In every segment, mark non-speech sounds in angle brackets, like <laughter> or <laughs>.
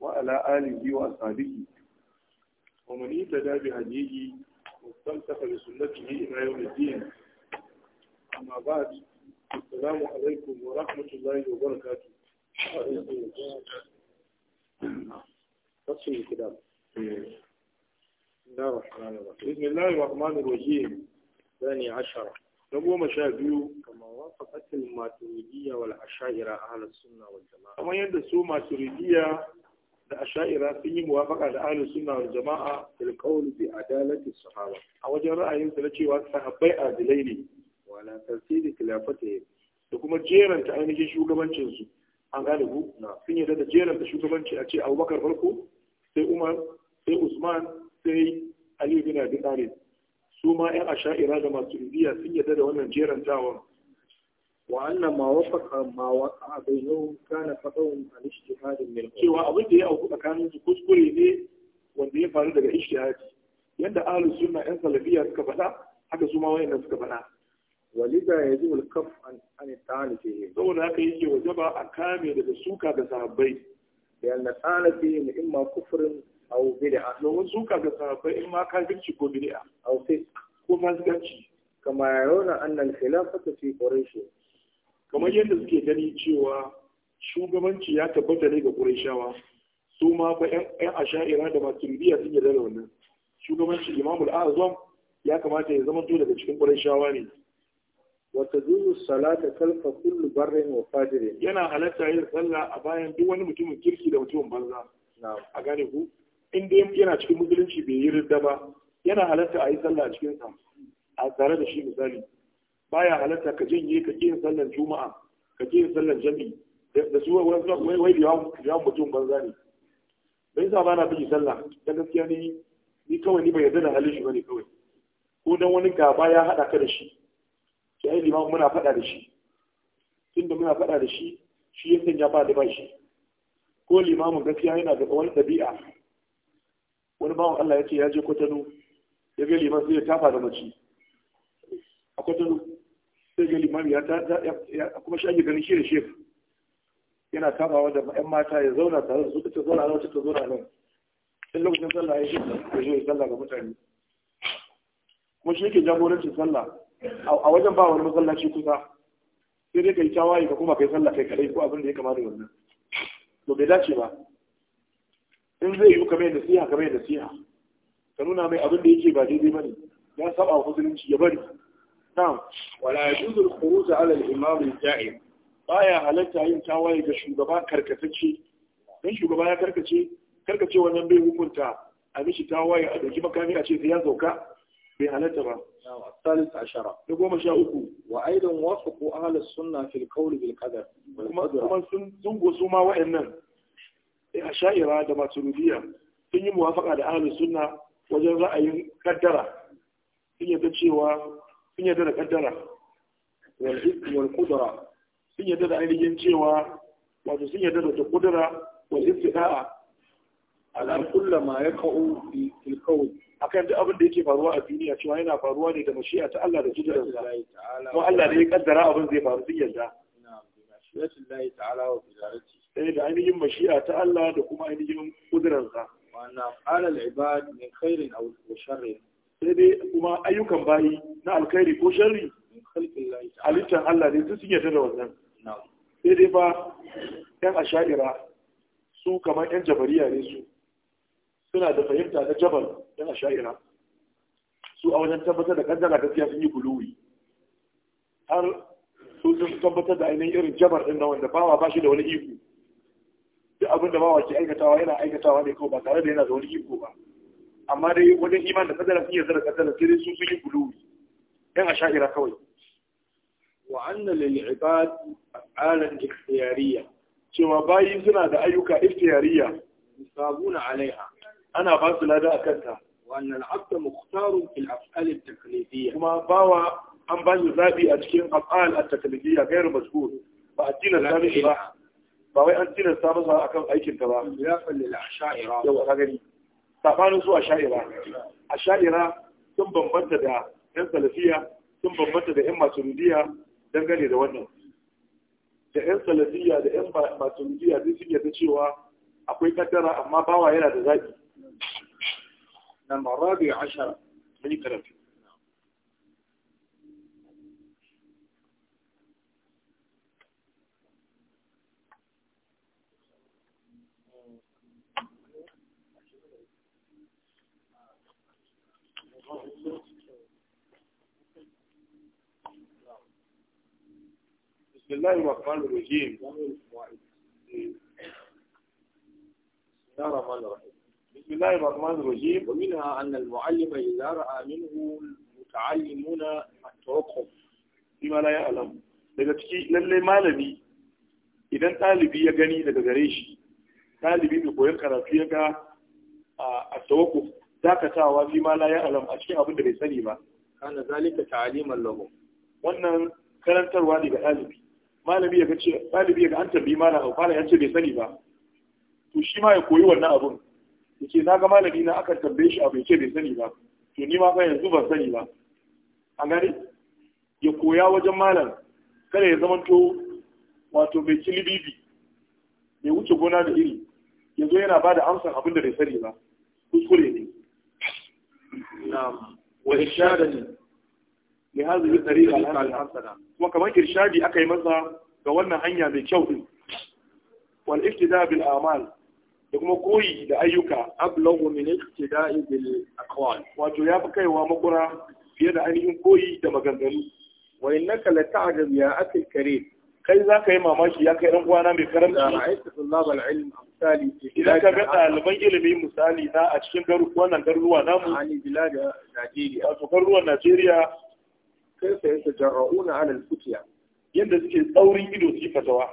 وعلى آله وأصحابه ومن اهتدى بهديه واستمسك بسنته إلى يوم الدين أما بعد السلام عليكم ورحمة الله وبركاته فصل الكتاب بسم الله الرحمن الرحيم بسم الله الرحمن الرحيم ثاني عشر Na goma sha biyu kama wafaqatil maturidiyya wal ash'ira ahlus sunna wal jama'a kamar yadda su maturidiyya da ashaira sun yi muwafaka da ahlus sunna wal jama'a fil qawl bi adalati sahaba a wajen ra'ayin su na cewa sahabbai adilai ne wala tasiri khilafati da kuma jeranta ainihin shugabancin su an gane ku sun yarda da jeranta shugabanci a ce Abubakar farko sai Umar sai Usman sai Ali bin Abi Talib su ma yan asha'ira da masu indiya sun yarda da wannan jerantawan wa annan ma wafaka ma waka bainahum kana fadawun an ijtihadin min cewa abin da ya auku tsakanin su kuskure ne wanda ya faru daga ijtihadi yadda ahlus suna yan salafiya suka faɗa haka su ma wayannan suka faɗa ya ولذا يجب الكف عن عن التعالي فيهم. دون هكا يجي وجب أكامل السوكة بسببين. لأن التعالي فيهم إما kufurin. au bid'a domin su kaga sahabbai in ma kafirci ko bid'a au fisk ko fasikanci kama yarawna annan khilafata fi quraish kamar yadda suke gani cewa shugabanci ya tabbata ne ga qurayshawa su ma fa yan asha'ira da maturidiyya sun yarda da wannan shugabanci imamul azam ya kamata ya zama to daga cikin qurayshawa ne wata zuru salata kalfa kullu barrin wa fajirin yana halatta yin sallah a bayan duk wani mutumin kirki da mutumin banza a gane ku in dai yana cikin musulunci bai yi ridda ba yana halatta a yi sallah a cikin sa a tare da shi misali baya halatta ka janye ka ƙi sallar juma'a ka ƙi sallar Jami da su wai wai da mutum banza ne bai sa ba na fi sallah da gaskiya ne ni kawai ni bai yarda da halin shi bane kawai ko dan wani gaba ya hada ka da shi ki ai limamu muna fada da shi tunda muna fada da shi shi ya sanya ba da ba shi ko limamu gaskiya yana da wani dabi'a wani bawan Allah ya ce ya je kwatano ya ga liman zai ya tafa da mace a kwatano sai ga liman ya ta kuma shi ake ganin shi da shef yana tafawa da ƴan mata ya zauna tare da su ta zauna nan ta zauna nan in lokacin sallah ya shiga ya zo sallah ga mutane kuma shi yake jagorancin sallah a wajen ba wani masallaci kusa sai dai kai tawaye ka kuma kai sallah kai kadai ko abin da ya kamata wannan to bai dace ba in zai yi kamar nasiha kamar nasiha ka nuna mai abin da yake ba daidai bane ya saba wa musulunci ya bari na'am wala yuzul khuruj ala al-imam al-ja'im baya halatta yin tawaye ga shugaba karkatacce dan shugaba ya karkace karkace wannan bai hukunta a mishi tawaye a dauki makami a ce sai ya sauka bai halatta ba الثالث عشر نقوم شاؤكو وأيضا وافقوا أهل السنة في القول بالقدر ومن سنقوا سما وإنن in asha'ira da maturidiyya sun yi muwafaka da ahalin sunna wajen ra'ayin kaddara sun yadda cewa sun yadda da kaddara wal kudura sun yadda da ainihin cewa wato sun yadda da kudura wal istida'a ala ma yaqa'u fi al-kawn akan duk abin da yake faruwa a duniya cewa yana faruwa ne da mashi'a ta Allah da kudurar sa Allah da ya kaddara abin zai faru duk yadda na'am bi mashi'atillahi ta'ala wa bi eh da ainihin mashi'a ta Allah da kuma ainihin kudiransa. wannan halal ibad min khairin aw sharrin sai dai kuma ayyukan bayi na alkhairi ko sharri halittar Allah ne su ta da wannan sai dai ba yan asha'ira su kamar yan jabariya ne su suna da fahimta na jabal yan asha'ira su a wajen tabbatar da kaddara gaskiya sun yi guluwi har su sun tabbatar da ainihin irin jabar din na wanda bawa ba shi da wani iko duk abin da bawa ke aikatawa yana aikatawa ne kawai ba tare da yana da wani iko ba amma dai wajen iman da kadara sun yarda da kadara sai dai sun sun yi guluwi yan a sha'ira kawai wa anna lil ibad alan ikhtiyariya cewa bayi suna da ayyuka ikhtiyariya misabuna alaiha ana ba su lada akan ta wa anna al abd mukhtarun fil af'al al taklifiyya kuma bawa an ba shi zabi a cikin af'al al taklifiyya gairu mazkur ba a tilasta ba ba wai an tilasta masa akan aikin ta ba ya falle la sha'ira yau ka gani sabanin su a sha'ira a sha'ira sun bambanta da yan salafiya sun bambanta da yan maturidiya dangane da wannan da yan salafiya da yan maturidiya duk sun yarda cewa akwai kaddara amma bawa yana da zaki na marabi ashara mun yi karatu بسم الله الرحمن الرحيم بسم الله الرحمن الرحيم بسم الله الرحمن الرحيم ومنها أن المعلم إذا رأى منه المتعلمون التوقف فيما لا يعلم daga ciki lalle malami idan ɗalibi ya gani daga gare shi ɗalibi mai koyon karatu ya ga a tawakuf dakatawa fi ma la ya'lam a cikin abin da bai sani ba kana zalika ta'aliman lahu wannan karantarwa ne ɗalibi malami ya ce ɗalibi ya ga an tambayi malam abu malam ya ce bai sani ba to shi ma ya koyi wannan abun ya ce na ga malami na akan tambaye shi abu ya ce bai sani ba to ni ma fa yanzu ban sani ba an gani. ya koya wajen malam kada ya zamanto wato bai ci libibi bai wuce gona da iri ya zo yana ba da amsan abin da bai sani ba kuskure ne wa isharar li hadhihi tariqa al-hasana kuma kamar irshadi aka yi masa ga wannan hanya mai kyau din wal iftida bil a'mal da kuma koyi da ayyuka ablagu min iqtida'i bil aqwal wato ya fi kaiwa makura fiye da ainihin koyi da maganganu wa innaka la ta'jab ya akil karim kai za ka yi mamaki ya kai 'dan uwana mai karamci idan ka ga daliban ilimi misali na a cikin wannan garuruwa namu wato garuruwan Najeriya kai sai ta jarra'una ala al-futiya yadda suke tsaurin ido su fatawa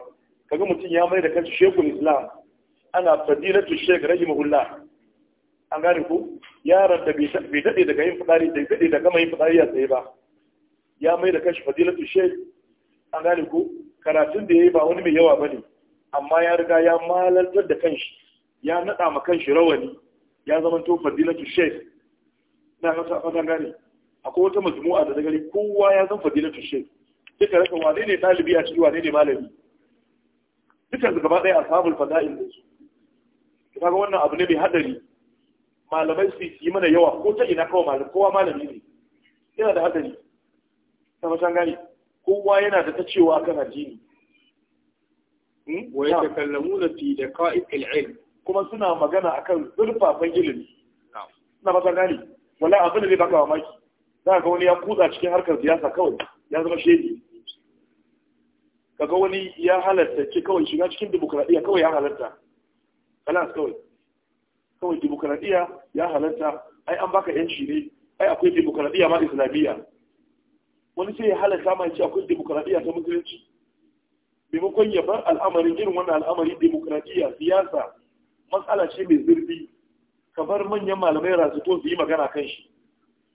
kaga mutum ya mai da kansa shekul islam ana fadilatu shek rahimahullah an gane ku yaron da bai daɗe daga yin fadari da daɗe da mai yin fadari ya tsaye ba ya mai da kansa fadilatu shek an gane ku karatun da ya yi ba wani mai yawa ba ne amma ya riga ya malantar da kanshi ya naɗa ma kanshi rawani ya zama to fadilatu shek na fata gane akwai wata majmu'a da daga kowa ya zan fadilatu tushe. duka raka wane ne ɗalibi a ciki wane ne malami dukkan gaba ɗaya a samun fada'il da su ga wannan abu ne mai hadari malamai su yi mana yawa ko ta ina kawai malam kowa malami ne yana da hadari ta mashan gani kowa yana da ta cewa kan addini hmm? wa yatakallamuna fi daqa'iq al-ilm kuma suna magana akan zurfafan ilimi na mashan gani wala abin da zai baka mamaki Ka ga wani ya kutsa cikin harkar siyasa kawai ya zama shehi kaga wani ya halarta ce kawai shiga cikin demokradiyya kawai ya halarta kalas kawai kawai demokradiyya ya halarta? ai an baka yanci ne ai akwai demokradiyya ma islamiyya wani sai ya halatta ma ce akwai demokradiyya ta musulunci maimakon ya bar al'amarin irin wannan al'amari demokradiyya siyasa matsala ce mai zurfi ka bar manyan malamai rasu to su yi magana kan shi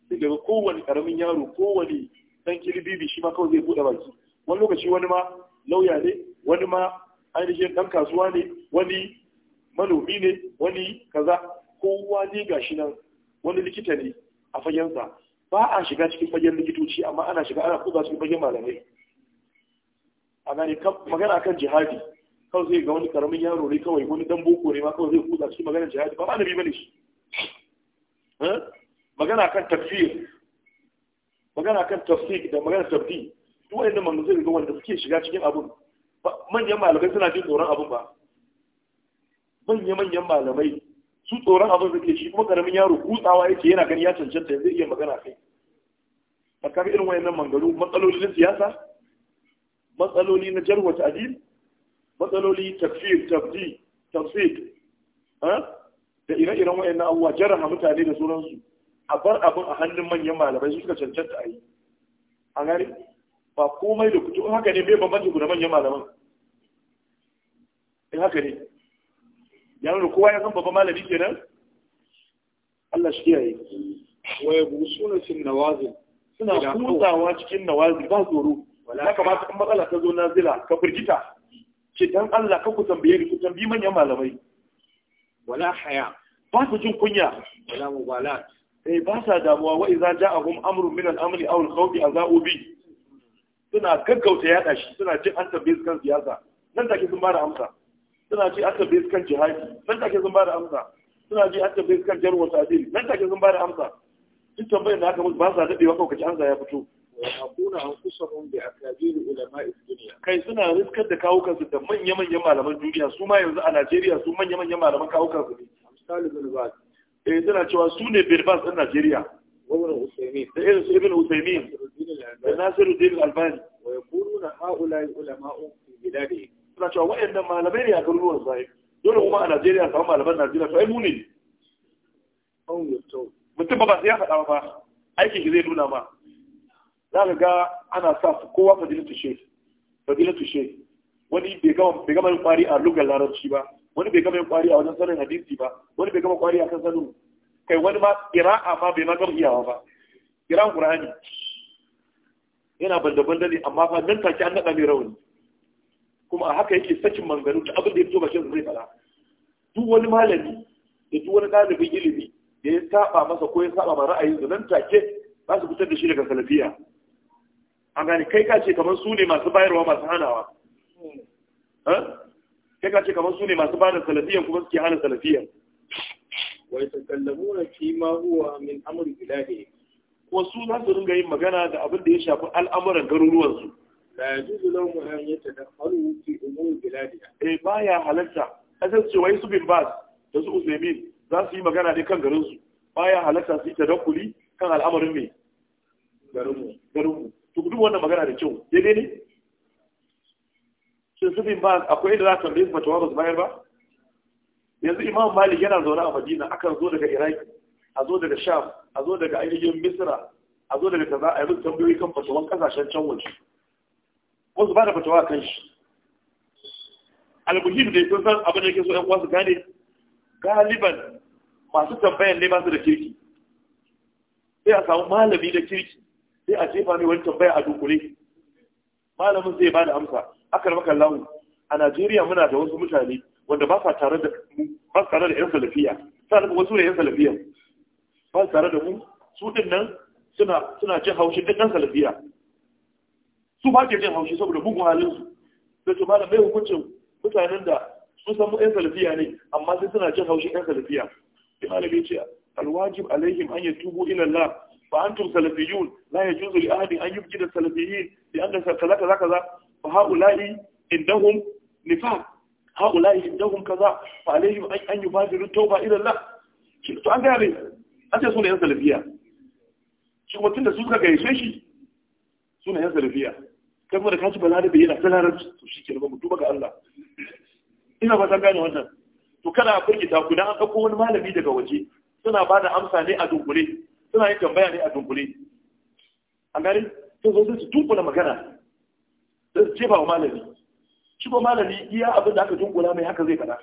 sai daga kowane karamin yaro kowane dan kilibibi shi ma kawai zai bude baki wani lokaci wani ma lauya ne wani ma ainihin dan kasuwa ne wani manomi ne wani kaza kowa ne gashi nan wani likita ne a fagensa ba a shiga cikin fagen likitoci amma ana shiga ana kuza cikin fagen malamai a gane magana kan jihadi kawai zai ga wani karamin yaro ne kawai wani dan boko ne ma kawai zai kuza cikin magana jihadi ba ma malami bane shi eh? magana kan tafsir magana kan tafsir da magana tabdi duk wanda mun zai ga wanda suke shiga cikin abun manyan malamai suna jin tsoron abun ba manya manyan malamai su tsoron abun suke shi kuma karamin yaro kutsawa yake yana gani ya cancanta zai iya magana kai a kaga irin wayannan mangaru matsaloli na siyasa matsaloli na jarwa adil matsaloli tafsir tafdi tafsir ah, da ire-iren wayannan abubuwa jaraha mutane da sauransu a bar abin a hannun manyan malamai su suka cancanta a yi a gari ba komai da kuto haka ne bai bambanci ku manyan malaman in haka ne ya nuna kowa ya san babban malami kenan Allah shi kiyaye wa suna cin nawazin? suna kutawa cikin nawazi ba tsoro ya kamata kan matsala ta zo nazila ka firgita ce dan Allah ka ku tambaye ni ku manyan malamai wala haya ba su jin kunya wala mubalat sai eh, ba sa damuwa wa idza ja'ahum amrun min al-amri aw al-khawfi azau bi suna gaggauta yada shi suna ce an tabbe kan siyasa nan take sun bada amsa suna ce an tabbe kan jihadi nan take sun bada amsa suna ce an tabbe kan jar jarwa tadil nan take sun bada amsa duk tambayar da aka musu ba sa wa kawai kaci amsa ya fito yakuna anfusahum bi akabir ulama'i dunya kai suna riskar da kawo kansu da manya-manyan malaman duniya su ma yanzu a Najeriya su manya-manyan malaman kawo kansu ne misali bin eh suna cewa su ne birbas ɗin Najeriya da irin su ibn Usaimin da Nasiruddin Albani wa na haula ulama'u fi yi. suna cewa waɗannan malamai ne a garuruwan sai dole kuma a Najeriya samu malaman Najeriya to ai mu ne mutum ba sai ya faɗa ba aikin shi zai nuna ma za ka ga ana sa kowa fadilatu tushe. fadilatu tushe. wani bai gama bai kwari a lugar larabci ba wani bai gama kwari a wajen sanin hadisi ba wani bai gama kwari a kan sanin kai wani ma kira'a ma bai ma gama iyawa ba qira'an qur'ani yana banda-banda ne amma fa nan take an nada mai rauni kuma a haka yake sakin manganu da abin da ya fito bakin zai fara duk wani malami da duk wani ɗalibin ilimi da ya saba masa ko ya saba ma ra'ayin da nan take za su fitar da shi daga salafiya an gane kai ka ce kamar su ne masu bayarwa masu hanawa ka ce kamar su ne masu bada salafiyan kuma suke hana salafiyan Wai wa yatakallamuna fi ma huwa min amri ilahi ko su za su ringa yin magana da abin da ya shafi al'amuran garuruwansu. garuruwan su la yajuzu lahum an yatadakhalu fi umuri biladiha eh ya halatta asan ce wai su bin bas da su usaimin za su yi magana ne kan garinsu. Ba ya halatta su yi tadakkuli kan al'amarin mai garinmu, mu garin mu wannan magana da kyau daidai ne sun su bin ba akwai inda za ta tambaye su fatawa ba su bayar ba yanzu imam malik yana zaune a madina akan zo daga iraki a zo daga sham a zo daga ainihin misra a zo daga kaza a yi tambayoyi kan fatawan kasashen can waje wasu ba da fatawa kan shi al al-muhim dai sun san abin da yake so ɗan uwa su gane galiban masu tambayan ne masu da kirki sai a samu malami da kirki sai a jefa mai wani tambaya a dukure. malamin zai ba da amsa aka maka lawu a Najeriya muna da wasu mutane wanda ba sa tare da ba sa tare da yan salafiya sai wasu ne yan salafiya ba sa tare da mu su din nan suna suna jin haushi duk yan salafiya su ba ke jin haushi saboda bugun halin su da to malam mai hukuncin mutanen da sun san mu yan salafiya ne amma sai suna jin haushi yan salafiya sai malam ya ce alwajib alaihim an yatubu ila Allah fa antum salafiyun la yajuzu li ahadin an yubgida salafiyin bi anna kaza kaza kaza ha'ula'i indahum nifaq ha'ula'i indahum kaza fa alaihim an yubadiru tauba ila Allah shi to an gane an ce sunayen salafiya shi kuma da suka gaishe shi sunayen salafiya kai kuma da kaci balarabe yana ta larabci to shi ke mu duba ga Allah ina ba san gane wannan to kada a firgita ku dan an ɗauko wani malami daga waje suna ba da amsa ne a dunkule suna yin tambaya ne a dunkule an gane sun zo su tunkula magana sai su jefa wa malami shi ko malami iya abin da aka dunkula mai haka zai faɗa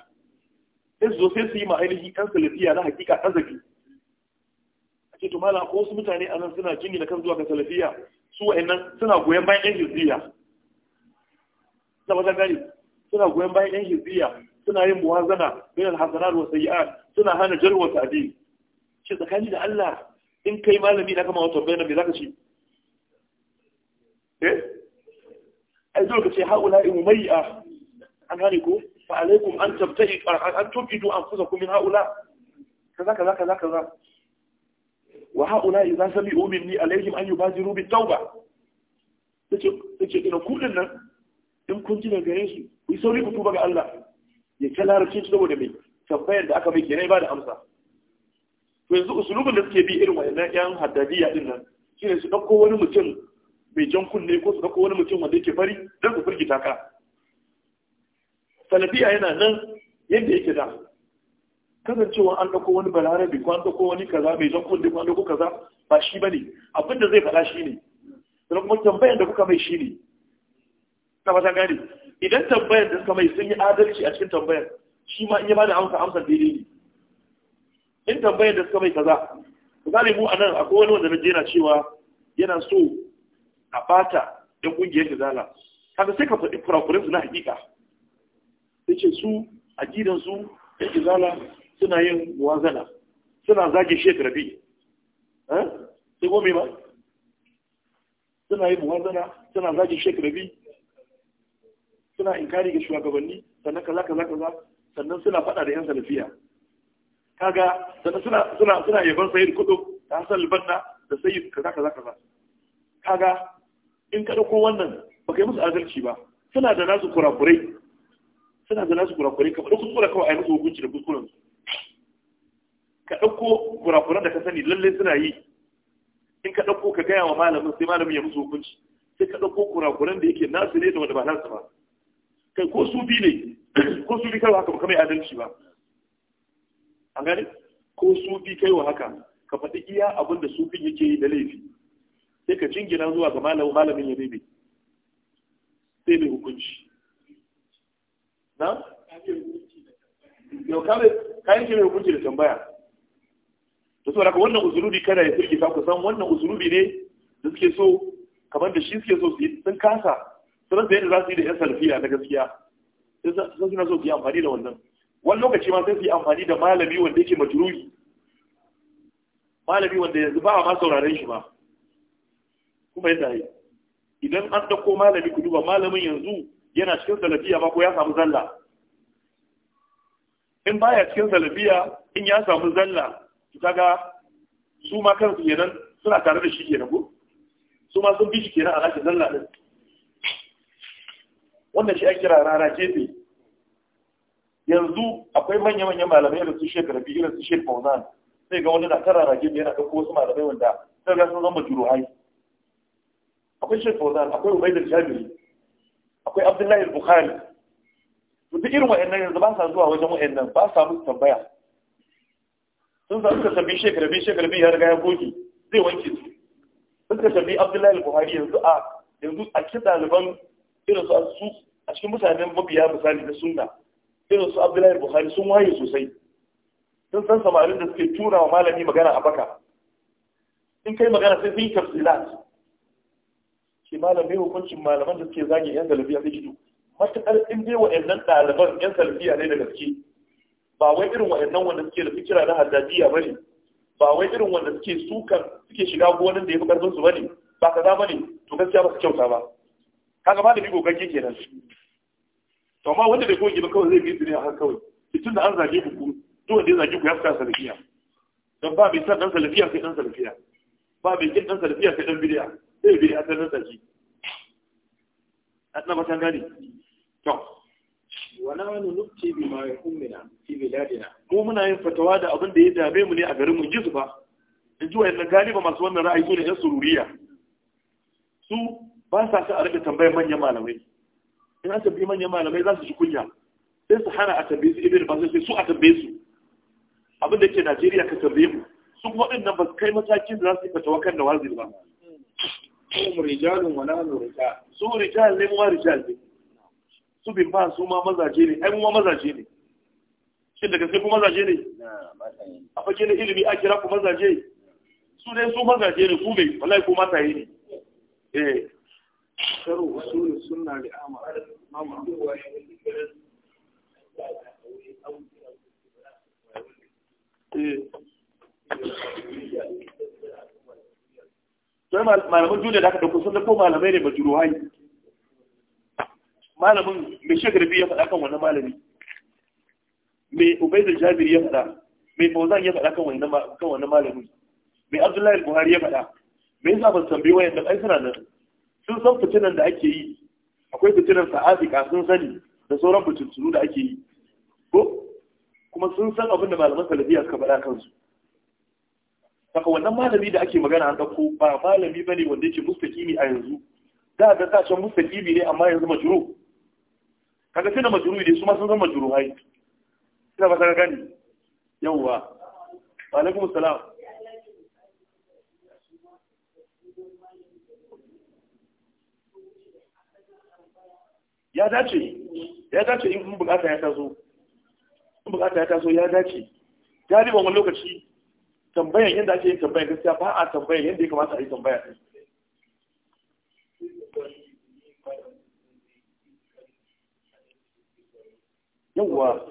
sai su zo sai su yi ma ainihin ɗan salafiya na hakika azabi a ce to malam ko wasu mutane a nan suna jini da kan zuwa ga salafiya su wa'annan suna goyon bayan yan hizbiya na wajen gani suna goyon bayan yan hizbiya suna yin muwazana bin alhasanat wa sayyi'at suna hana jarwa ta'dil shi tsakani da Allah in kai malami na kama wata bayanan me zaka ci eh ai ka ce haula umayya an gane ko fa alaikum an tabtai an tubidu anfusakum min haula kaza kaza kaza kaza wa haula idza sami'u minni alaihim an yubaziru bit tauba tace tace ina kudin nan in kun ji daga gare su ku sauri ku tuba ga Allah ya ta larabci da mai tambayar da aka mai kenan ba da amsa to yanzu usulubin da suke bi irin wayannan yan haddadiya din nan shine su dauko wani mutum mai jan kunne ko su ɗauko wani mutum wanda yake fari don su firgita ka salafiya yana nan yadda yake da kasancewa an ɗauko wani balarabe ko an ɗauko wani kaza mai jan kunne ko an ɗauko kaza ba shi ba ne abin da zai faɗa shi ne da kuma tambayan da kuka mai shi ne na fata gane idan tambayan da suka mai sun yi adalci a cikin tambayan shi ma in ya bada amsa amsa daidai ne in tambayar da suka mai kaza misali mu a nan akwai wani wanda na jera cewa yana so a bata yan kungiyar zala, kaga sai ka faɗi kurakurensu na hakika sai ce su a gidansu yan zala suna yin wazana suna zage shek rabi eh? sai gome ba suna yin wazana suna zage shekara rabi suna inkari ga shugabanni sannan kaza kaza kaza sannan suna faɗa da yan salafiya kaga sannan suna suna suna yaban sayyid kudu da hasan albanna da sayyid kaza kaza kaza kaga in ka dauko wannan ba kai musu adalci ba suna da nasu kurakurai suna da nasu kurakurai ka faɗi kuskure kawai a yi musu hukunci da kuskuren su ka dauko kurakuran da ka sani lalle suna yi in ka dauko ka gaya wa malamin sai malamin ya musu hukunci sai ka dauko kurakuran da yake nasu ne da wanda ba nasu ba kai ko su bi ne <clears throat> ko su bi kai haka ba kamar adalci ba an gane ko su bi kai wa haka ka faɗi iya abin da su bin yake yi da laifi sai ka jingina zuwa ga malamin malamin ya bebe sai mai hukunci na? yau kayan shi mai hukunci da tambaya da saboda raka wannan uzurubi kada ya firgita ka san wannan uzurubi ne da suke so kamar da shi suke so su yi sun kasa sun rasa yadda za su yi da yan salfiya na gaskiya sun suna so su yi amfani da wannan wani lokaci ma sai su yi amfani da malami wanda yake majruhi malami wanda yanzu ba a ma sauraren shi ba kuma yadda yi idan an dauko malami ku duba malamin yanzu yana cikin salafiya ba ko ya samu zalla in baya cikin salafiya in ya samu zalla to kaga su ma kansu kenan suna tare da shi kenan ko su ma sun bi shi kenan a rashi zalla din wannan shi ake kira rara kefe. yanzu akwai manya-manyan malamai da su shekara biyu irin su shekara faunan sai ga wani na kan rara gefe yana dauko wasu malamai wanda sai ga sun zama juruhai akwai shi fauzan akwai da jami'i akwai abdullahi bukhari to duk irin wa'annan yanzu ba sa zuwa wajen wa'annan ba sa musu tambaya sun sa suka tambayi shekaru biyu, shekaru biyu, ya riga ya goge zai wanke su ka tambayi abdullahi bukhari yanzu a yanzu a cikin ɗaliban irin su su a cikin mutanen mabiya misali na sunna irin su abdullahi bukhari sun waye sosai sun san samarin da suke tura wa malami magana a baka in kai magana sai sun yi tafsilat ke malamai hukuncin malaman da suke zage yan salafiya zai gido matuƙar in dai wa'annan ɗaliban yan salafiya ne da gaske ba wai irin wa'annan wanda suke da fikira na haddadiya ba ne ba wai irin wanda suke sukan suke shiga gonan da ya fi ƙarfin su ba ne ba ka za ba ne to gaskiya ba su kyauta ba kaga malami gogagge kenan to amma wanda bai goge ba kawai zai bi su ne a har kawai tun da an zage ku duk wanda ya zage ku ya fita salafiya don ba mai san ɗan salafiya sai ɗan salafiya ba mai kin ɗan salafiya sai ɗan bidiya zai bi asalin sa shi asna ta gani to Wani nu nukti bi ma yahumina fi biladina mu muna yin fatawa da abin da ya dame mu ne a garin mu jisu ba in ji wayannan galiba masu wannan ra'ayi su ne yan sururiya su ba sa sa a rika tambayar manyan malamai in an tambayi manyan malamai za su ji kunya sai su hana a tambaye su ibn ba sai su a tambaye su abin da ke Najeriya ka tambaye mu su nan ba su kai matakin da za su yi fatawa kan da wazir ba hum rijalun wa nahnu su rijal ne mu rijal ne su bin su ma mazaje ne ai mu mazaje ne shin da gaske ku mazaje ne a fage ilimi a kira ku mazaje su ne su mazaje ne ku bai wallahi ku yi ne eh sharu usul sunna li amal mamu eh sai malaman duniya da aka dauko sun dauko malamai ne majruhai malamin mai shagarbi ya faɗa kan wani malami mai ubaidul jabiri ya faɗa mai fauzan ya faɗa kan wani malami mai abdullahi buhari ya faɗa me yasa ban tambayi wayan ai suna nan sun san fitinan da ake yi akwai fitinan sa'afika sun sani da sauran fitintunu da ake yi ko kuma sun san abin da malaman salafiya suka faɗa kansu saka wannan malami da ake magana an ɗauko ba malami ba ne wanda yake mustaƙimi a yanzu da ga sashen mustaƙimi ne amma yanzu majuru kaga tana majuru ne su ma sun zama majuru hai ina ba ta gani yawwa wa alaikum salam ya dace ya dace in bukata ya taso in bukata ya taso ya dace galiban wani lokaci tambayan yadda ake yin tambayan gaskiya ba a tambayan yadda ya kamata a yi tambaya ɗin yawwa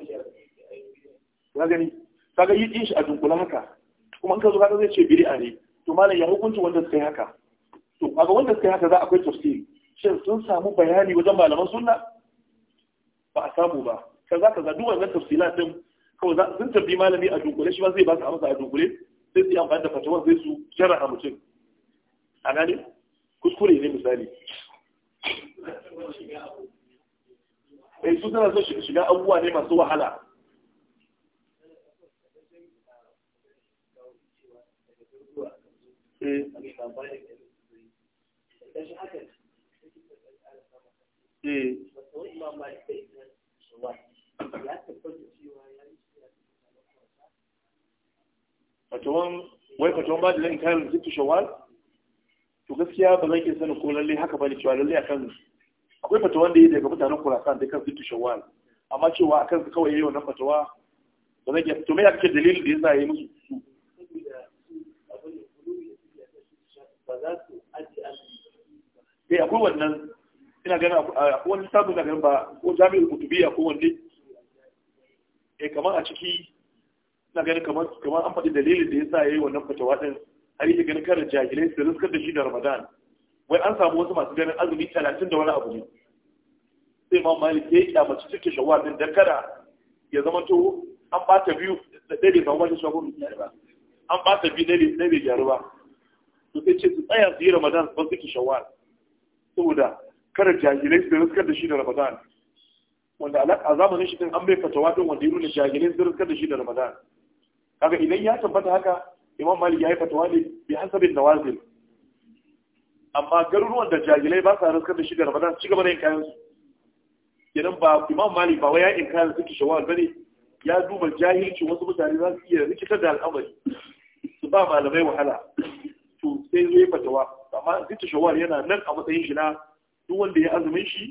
ya gani kaga yi ɗin shi a dunkula haka kuma in ka zo kaga zai ce a ne to malam ya hukunci wanda suka yi haka to kaga wanda suka yi haka za akwai tafsiri shin sun samu bayani wajen malaman sunna ba a samu ba kaza kaza duk wannan tafsilan din kawai sun tabbi malami a dunkule shi ba zai ba su amsa a dunkule sai su yi amfani da fatawar sai su jara'a mutum a gane kuskure ne misali eh su tana son shiga abubuwa ne masu wahala eh eh fatawan wai fatawan ba da zan kan zikin shawar? to gaskiya ba zan iya sanin ko lalle haka ba bane cewa lalle akan akwai fatawan da ya daga mutanen kurasan da kan zikin shawar. amma cewa a akan su kawai yayi wannan fatawa ba zan iya to me yake dalilin da yasa yayi musu su eh akwai wannan ina ganin akwai wani sabu na ganin ba ko jami'ul kutubiyya ko wanne? eh kamar a ciki na ganin kamar an faɗi dalilin da ya sa ya yi wannan fatawa ɗin har yi ganin karin jahilai su riskar da shi da ramadan wai an samu wasu masu ganin azumi talatin da wani abu ne sai ma malik ya yi kyamaci cike shawar ɗin don kada ya zama to an ɓata biyu da ɗaya bai samu wani shagon ba an ɓata biyu ɗaya bai gyaru ba to sai ce su tsaya su yi ramadan su ban suke shawar saboda karin jahilai su riskar da shi da ramadan wanda a zamanin shi ɗin an bai fatawa ɗin wanda ya nuna jahilai su riskar da shi da ramadan kaga idan ya tabbata haka imam malik ya yi fatawa ne bi hasabin nawazil amma garuruwan da jahilai ba sa raskar da shi da ramadan su ci gaba da yin kayan su idan ba imam malik ba wai ya inkara suke shawar bane ya duba jahilci wasu mutane za su iya rikitar da al'amari su ba malamai wahala to sai zai fatawa amma zita shawar yana nan a matsayin shi na duk wanda ya azumin shi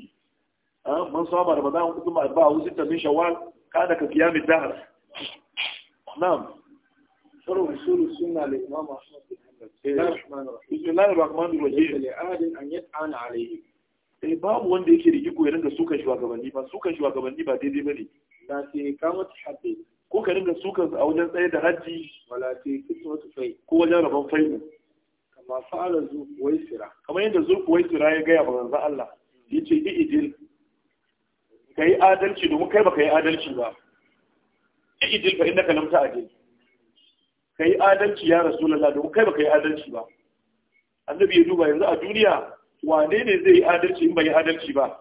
man saba ramadan kuma ba wasu tamin shawar kada ka kiyamin dahar na'am شرع اصول السنه للامام احمد بن حنبل بسم الله الرحمن الرحيم لاحد ان يطعن عليه eh babu wanda yake da iko ya ringa sukan shugabanni ba sukan shugabanni ba daidai bane la sai kamat hadde ko ka ringa sukan a wajen tsaye da haji wala sai kismatu fai ko wajen rabon fai kama fa'ala zuku waisira kamar yadda zuku waisira ya gaya ba manzo Allah yace bi idil kai adalci domin kai baka yi adalci ba idil fa innaka lam ta'dil ka yi adalci ya rasu lalla domin kai ba ka yi adalci ba annabi ya duba yanzu a duniya wane ne zai yi adalci in bai yi adalci ba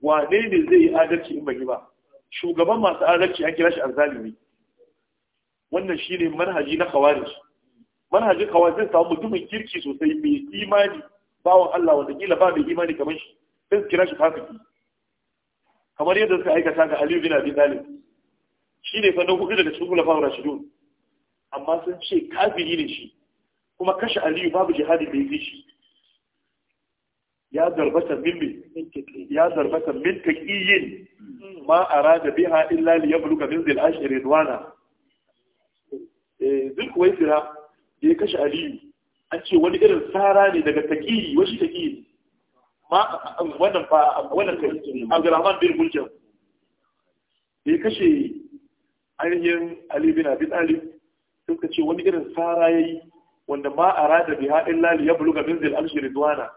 wane ne zai yi adalci in bai yi ba shugaban masu adalci an kira shi Al-Zalimi. wannan shi ne manhaji na khawarij manhajin khawarij zai samu mutumin kirki sosai mai imani bawan Allah wanda kila ba mai imani kamar shi sai su kira shi fasiki kamar yadda suka aikata ga Aliyu bin Abi Talib ne fa na hudu daga cikin khulafa shi rashidun amma sun ce kafiri ne shi kuma kashe aliyu babu jihadi da ya shi ya zarbata min ya zarbata min taqiyin ma arada biha illa li yabluga min zil ashir ridwana eh duk kuwa fira, da ya kashe aliyu an ce wani irin tsara ne daga taqiyi washi taqiyi ma wannan ba wannan taqiyi Abdurrahman bin Muljam da ya kashe ainihin Aliyu bin abin Talib sai suka ce wani irin tsara ya yi wanda ma a rada biha ya li yabluga minzil arshi ridwana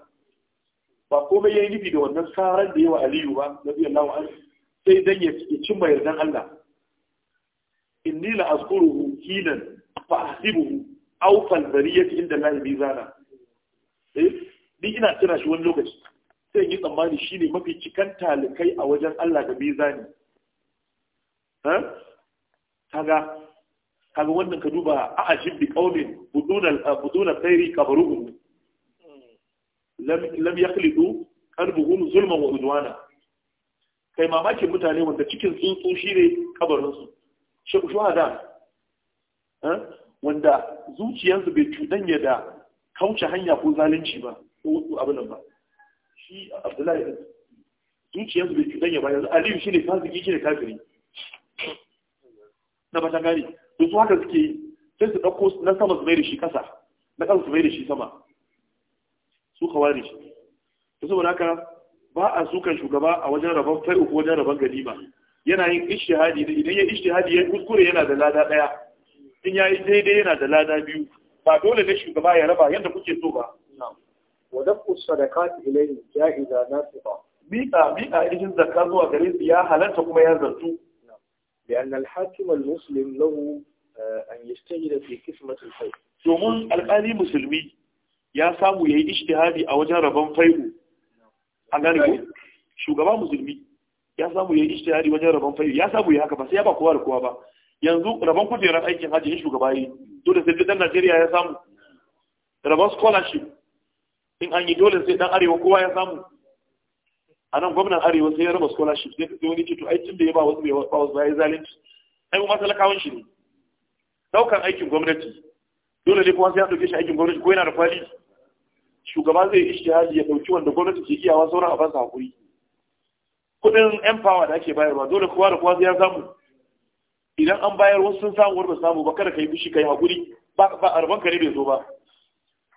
ba komai ya yi nufi da wannan tsaran da yawa aliyu ba na radiyallahu an sai dan ya cimma yardan Allah inni la azkuruhu hinan fa ahsibuhu aw fal bariyati inda Allah bizana eh ni ina tira shi wani lokaci sai yi tsammani shine mafi cikan talikai a wajen Allah da bizani ha eh, kaga kaga wannan ka duba a ajib bi qaumin buduna ah, buduna khairi kabruhum lam kalidu yaqlidu qalbuhum zulman wa udwana kai mamakin mutane wanda cikin tsuntsu shi ne su shi da eh, wanda zuciyarsu bai cudanya da kauce hanya ko zalunci ba ko abin ba shi abdullahi zuciyarsu bai cudanya ba yanzu aliyu shi shine fasiki ne kafiri na ba ta gane Duk su haka suke yi sai su ɗauko na sama su mai da shi ƙasa na ƙasa su mai da shi sama su kawari shi to saboda haka ba a sukan shugaba a wajen rabon fai ko wajen rabon ba. yana yin ishtihadi idan ya ishtihadi ya kuskure yana da lada ɗaya in ya yi daidai yana da lada biyu ba dole ne shugaba ya raba yadda kuke so ba wa dafu sadaqat ilayhi ja'iza nasiba miƙa miƙa irin zakka zuwa gare su ya halarta kuma ya zartu لأن الحاكم المسلم له أن يجتهد في كسمة الفيء domin alƙali musulmi ya samu ya yi ishtihadi a wajen rabon fai'u an gane ko shugaba musulmi ya samu ya yi ishtihadi wajen rabon fai'u ya samu ya haka ba sai ya ba kowa da kowa ba yanzu rabon kujerar aikin hajji in shugaba yi dole sai dan Najeriya ya samu rabon scholarship in an yi dole sai dan arewa kowa ya samu a nan gwamnan arewa sai ya raba scholarship sai sai wani to aikin da ya ba wasu bai ba wasu bai zalunci ai kuma talakawan shi ne daukan aikin gwamnati dole ne kuma sai ya dauke shi aikin gwamnati ko yana da kwali shugaba zai yi ishtihadi ya dauki wanda gwamnati ke iyawa sauran abin sa hakuri kudin empower da ake bayarwa dole kowa da kowa sai ya samu idan an bayar wasu sun samu wani samu ba kada ka yi fushi ka yi hakuri ba ba arban ka ne bai zo ba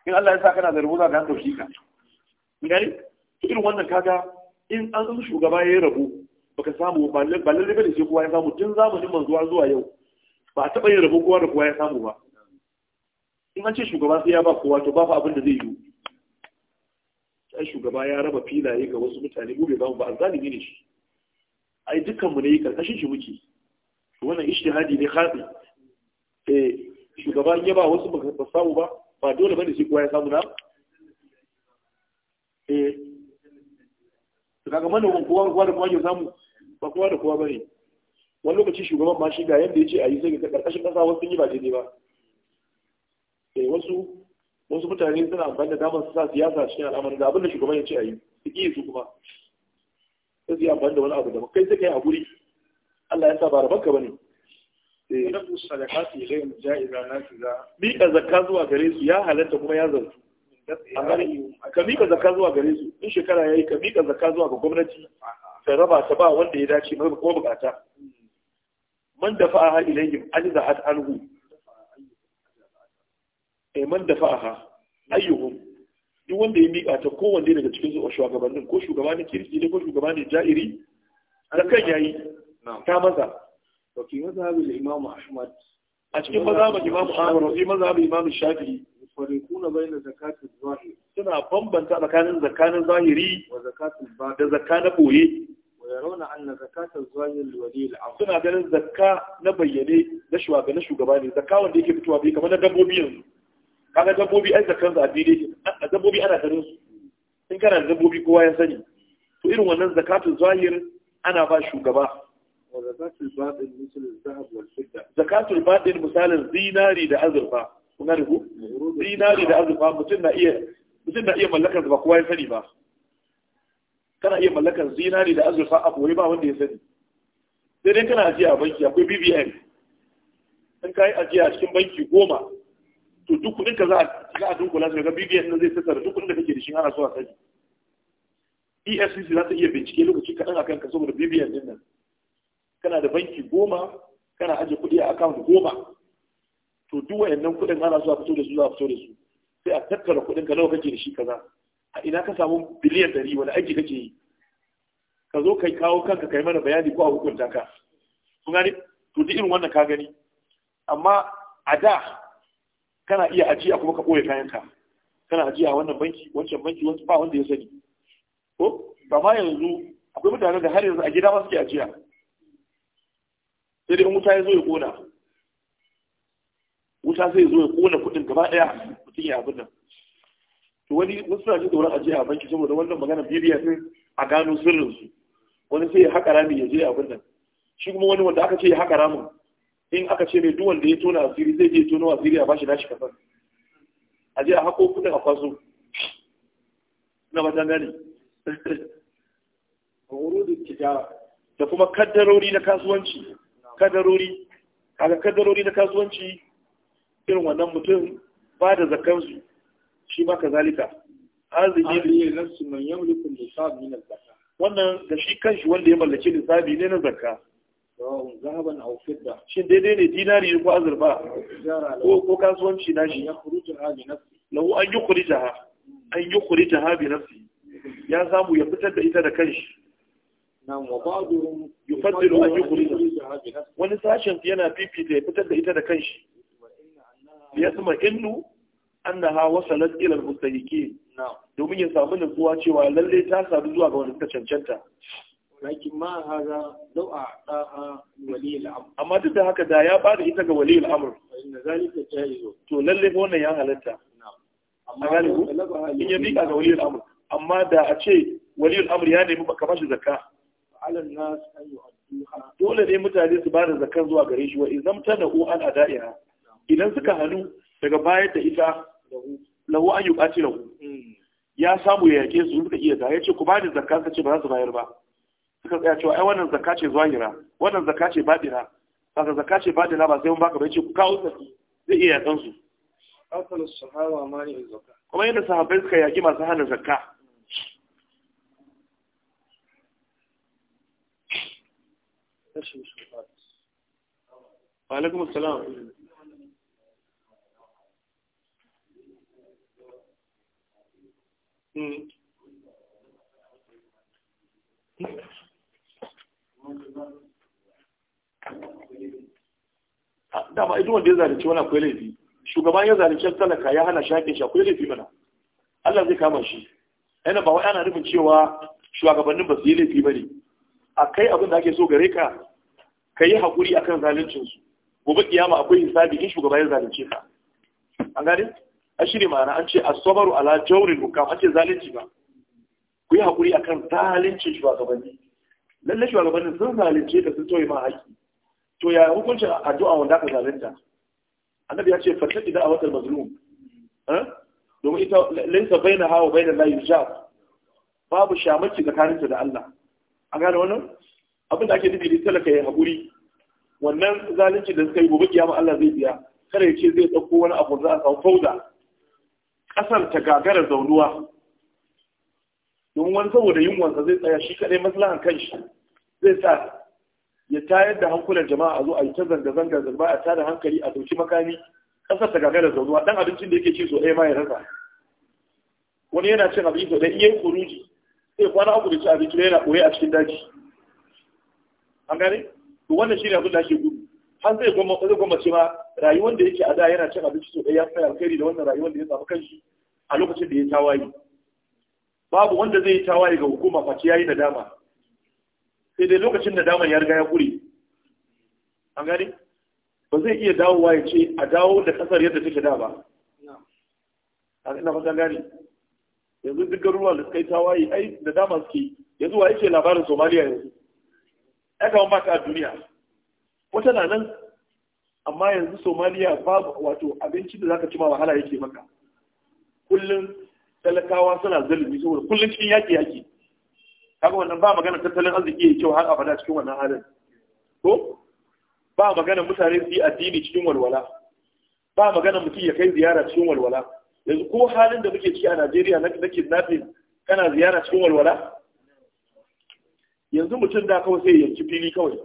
in Allah ya sa kana da rubuta ka an dauki ka gani irin wannan kaga in an zama shugaba ya yi rabo baka samu ba lalle da shi kowa ya samu tun zamanin manzo zuwa yau ba a taɓa yin rabo kowa da kowa ya samu ba in an ce shugaba sai ya ba kowa to ba fa abin da zai yi sai shugaba ya raba filaye ga wasu mutane gobe ba mu ba zalimi ne shi ai dukkan mu ne karkashin shi muke wannan ishtihadi ne khafi eh shugaba ya ba wasu ba samu ba ba dole bane sai kowa ya samu na eh to mana manomin kowa kowa da kowa ke samu ba kowa da kowa bane wani lokaci shugaban ma shi ga yadda ya ce a yi sai ga karkashin kasa wasu yi ba daidai ba eh wasu wasu mutane suna amfani da damar su sa siyasa cikin al'amarin da abinda shugaban ya ce a yi su ƙi su kuma sai su yi amfani da wani abu da kai sai kai a guri Allah ya sa ba rabanka bane eh nabu sadaqati ghayr ja'iza nasiza Mika zakka zuwa gare su ya halatta kuma ya zartu ka mika zaka zuwa gare su in shekara ya yi ka mika zaka zuwa ga gwamnati ta raba ta ba wanda ya dace mai ko bukata man dafa'aha ilayhim ajza'at anhu eh man ha ayyuhu duk wanda ya mika ta kowanne daga cikin su shugabannin ko shugaba ne kirki ne ko shugaba ne ja'iri kan yayi ta maza wa ki mazhabul imamu ahmad a cikin mazhabul imamu ahmad wa fi shafi'i yufarriquna bayna zakati zahiri suna bambanta tsakanin zakanin zahiri wa zakatul da zakka na boye wa yarawna anna zakatul zahiri li wali al suna ganin zakka na bayyane na shugaba na shugaba ne zakka wanda yake fitowa bai kamar na dabbobi yanzu kaga dabbobi ai zakkan za a A dabbobi ana ganin su in kana da dabbobi kowa ya sani to irin wannan zakatul zahir ana ba shugaba wa zakatul batin misalin zahab wal fidda zakatul batin misalin zinari da azurfa kun gane dinari da azurfa mutum na iya mutum na iya mallakar ba kowa ya sani ba kana iya mallakar zinari da azurfa a koyi ba wanda ya sani sai dai kana ajiya a banki akwai bbn in ka yi ajiya a cikin banki goma to duk kudin ka za a dunkula su ga bbn na zai tattara duk kudin da kake da shi ana so a sani efcc za ta iya bincike lokaci kaɗan a ka saboda bbn din nan kana da banki goma kana ajiye kuɗi a akawun goma to duk wayannan kuɗin ana zuwa a fito da su za a fito da su sai a tattara kuɗin ka nawa kake da shi kaza a ina ka samu biliyan ɗari wani aiki kake yi ka zo kai kawo kanka kai mana bayani ko a hukunta ka kun gani to duk irin wannan ka gani amma a da kana iya ajiya kuma ka ɓoye kayanka kana ajiya wannan banki wancan banki wancan ba wanda ya sani ko ba ma yanzu akwai mutane da har yanzu a gida ma suke ajiya sai dai in wuta ya zo ya kona wuta sai zo ya kona kuɗin gaba ɗaya mutum ya abin nan to wani wasu na jin tsoron ajiya a banki saboda wannan magana bibiya sai a gano sirrinsu wani sai ya haƙa rami ya je abin nan shi kuma wani wanda aka ce ya haƙa ramin in aka ce mai duwanda ya tona asiri zai je tona asiri a bashi nashi kasar a je a haƙo kudin a kwaso na ba gane <laughs> da kuma kaddarori na kasuwanci kaddarori kaga kaddarori na kasuwanci irin wannan mutum ba da zakansu shi ma kazalika azumi ne nafsu man yamliku nisab min az wannan da shi kanshi wanda ya mallaki nisabi ne na zakka sawa'un zahaban aw fidda shin daidai ne dinari ko azurfa ko ko kasuwanci na shi ya khurujaha bi nafsi lahu an yukhrijaha an yukhrijaha bi nafsi ya samu ya fitar da ita da kanshi nan wa ba'dhum yufaddilu an yukhrijaha bi nafsi wani sashin yana fifita ya fitar da ita da kanshi liyasma innu annaha wasalat ila al-mustahiqin domin ya samu kuwa cewa lalle ta sadu zuwa ga wani ta cancanta lakin ma hada da'a da'a wali al-amr amma duk da haka da ya bada ita ga wali al-amr inna zalika jaizu to lalle wannan ya halatta amma galibu in ya bika ga wali al-amr amma da a ce wali al-amr ya nemi baka bashi zakka ala nas dole ne mutane su bada zakar zuwa gare shi wa idan tana'u an ada'iha idan suka hannu daga bayar da ita lahu an yi ƙaci lahu ya samu ya yake su suka iya ya ce ku ba ni zakka suka ce ba za su bayar ba suka tsaya cewa ai wannan zakka ce zahira wannan zakka ce Ba saka zakka ce baɗina ba sai mun baka ba ya ce ku kawo tsaki zai iya yakan su kuma yadda sahabbai suka yaƙi masu hana zakka Hmm. dama idan wanda ya zarace wani akwai laifi shugaban ya zarace talaka ya hana shi shi akwai laifi mana Allah zai kama shi yana ba wa ana nufin cewa shugabannin ba su yi laifi ba ne a kai abin da ake so gare ka ka yi haƙuri akan zaluncinsu gobe kiyama akwai hisabi in shugaba ya zalunce ka an gane ashiri shi ne ma'ana an ce asabaru ala jawrin hukam an ce zalunci ba ku yi haƙuri akan zalincin shugabanni lalle shugabannin sun zalunce da sun toye ma haƙi to ya hukuncin addu'a wanda aka zalunta annabi ya ce fatat idan a watan mazlum eh? domin ita laisa na hawa bai na layu jaf. babu shamaki tsakaninta da Allah A gane wannan abin da ake nufi da talaka ya haƙuri wannan zalunci da suka yi gobe kiyama Allah zai biya kada ya ce zai ɗauko wani abu za a samu fauda ƙasar ta gagara zaunuwa Domin wani saboda yunwansa zai tsaya shi kaɗai maslahan kanshi zai sa ya tayar da hankulan jama'a a zo a yi ta zanga-zanga zanga a tada hankali a dauki makami ƙasar ta gagara zaunuwa dan abincin da yake ci so ɗaya ma ya rasa wani yana cin abinci so ɗaya iya yin kuruji sai kwana uku da ci abinci yana ɓoye a cikin daji an gane to wannan shi ne abin da ake gudu har zai gwamnati ma rayuwar da yake a da yana cin abinci sosai ya sai alkhairi da wannan rayuwar da ya samu kanshi a lokacin da ya tawaye babu wanda zai yi tawaye ga hukuma face yayi nadama sai dai lokacin nadama ya riga ya kure an gani ba zai iya dawowa ya ce a dawo da kasar yadda take da ba a ina fata gani yanzu duk garuruwa da suka yi tawaye ai nadama suke yanzu wa yake labarin somaliya yanzu ya kama ba ta a duniya wata na nan amma yanzu somaliya babu wato abinci da zaka ci ma wahala yake maka kullum talakawa suna zalimi saboda kullum cikin yaƙi yaƙi kaga wannan ba magana tattalin arziki ya kyau har abada cikin wannan halin ko ba magana mutane su yi addini cikin walwala ba magana mutum ya kai ziyara cikin walwala yanzu ko halin da muke ciki a Najeriya na na nafi kana ziyara cikin walwala yanzu mutum da kawai sai yanki fili kawai